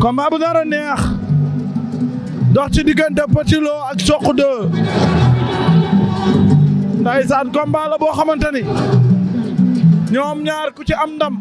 combat bu dara neex dox ci diggante Petit Lo ak Sokh 2 ndaysaan combat la boo xamante ni ñoom ñaar ku ci am ndam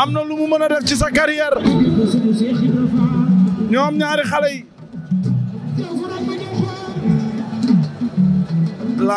am na lu mu mën a def ci sa carrière ñoom ñaari xale yi la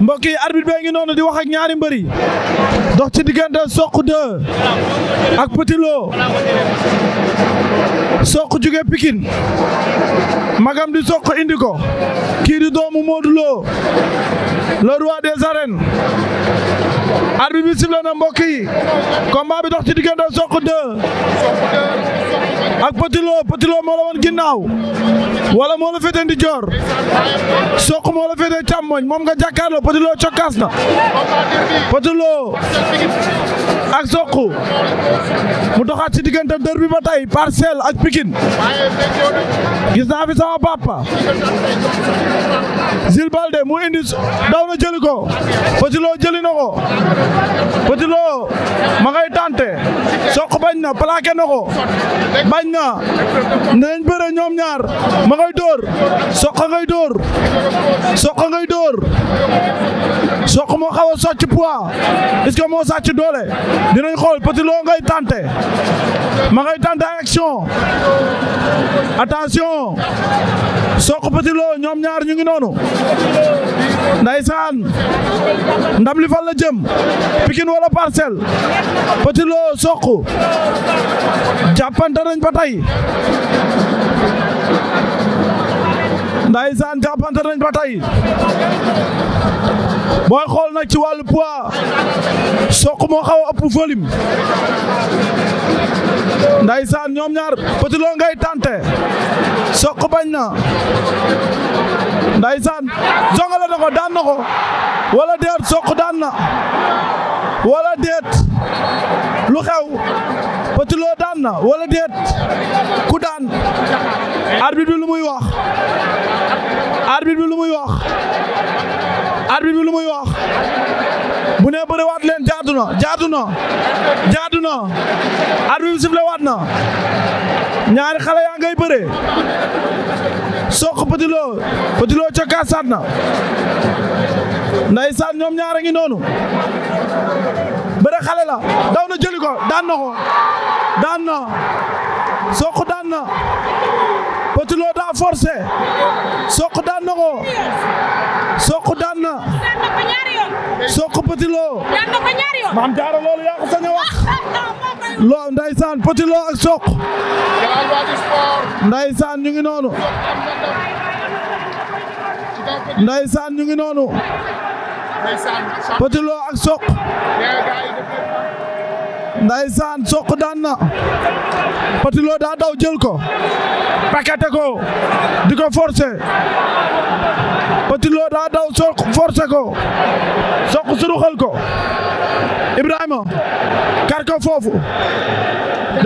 mbokk yi bee ngi noonu di wax ak ñaari mbëri dox ci diggante Sokh 2 ak Petit Lo Sokh jóge Pikine magam di soq indi ko kii di doomu Modou Lo le roi des arènes arbitre bi sifflé na mbokk yi combat bi dox ci diggante soq 2 ak Petit Lo Petit Lo moo la woon ginnaaw wala moo la féete soq moo la féete càmmoñ moom nga jàkkaarloo Petit Lo cokkaas na Petit Lo ak soq mu doxaat ci diggante dër bi ba tey parcelle ak pikin gis naa fi sama papa Zil Balde mu indi daw na jëli ko Petit Lo jëli na ko Petit Lo ma ngay tante soq bañ na plaqué na ko bañ na nañ bëre ñoom ñaar ma ngay dóor soq ngay dóor soq ngay dóor Sokh moo xaw a socc poids est-ce moo sàcc doole dinañ xool Petit Lo ngay tante ma ngay tante action attention Sokh Petit Lo ñoom ñaar ñu ngi noonu ndaysaan ndam li fan la jëm Pikine wala Parcelles Petit Lo Sokh jàppante nañ ba tey ndaysaan jàppante nañ ba booy xool na ci wàllu poids soq moo xaw a ëpp volume ndaysaan ñoom ñaar Petit ngay tante soq bañ na ndaysaan jongale na ko daan na ko walla deet soq daan na wala deet lu xew Petit Lo daan na walla deet ku daan ar bi lu muy wax arbitre bi lu muy wax arbitre bi lu muy wax bu ne waat leen jaadu na jaadu na jaadu na arbitre waat na ñaari xale yaa ngay bëre soq Petit Lo Petit Lo cokkaat saat na ndeysaan ñoom ñaara ngi noonu bëre xale la daw na jëli ko daan na ko daan na soq daan na Petit daa forcé soq daan na Sokh daan na. Sokh Petit Lo. maam jaara loolu yaa ko sañ a loo ndeysaan Petit Lo ak ñu ngi noonu. saan ñu ngi noonu. Petit Lo ak Sokh. ndeysaan saan daan na. Petit Lo daa daw jël ko pakete ko di ko forcer Petit Lo daa daw soq forcer ko soq suruxal ko Ibrahima kar ko foofu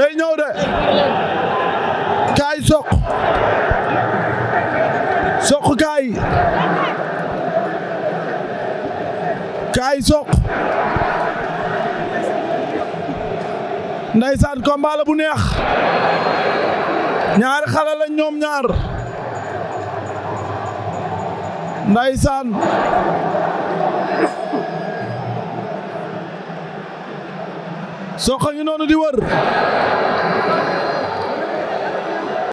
day ñëw de kaay soq soq kaay kaay soq ndeysaan combat la bu neex ñaari xale ñoom ñaar ndeysaan soqa ngi noonu di wër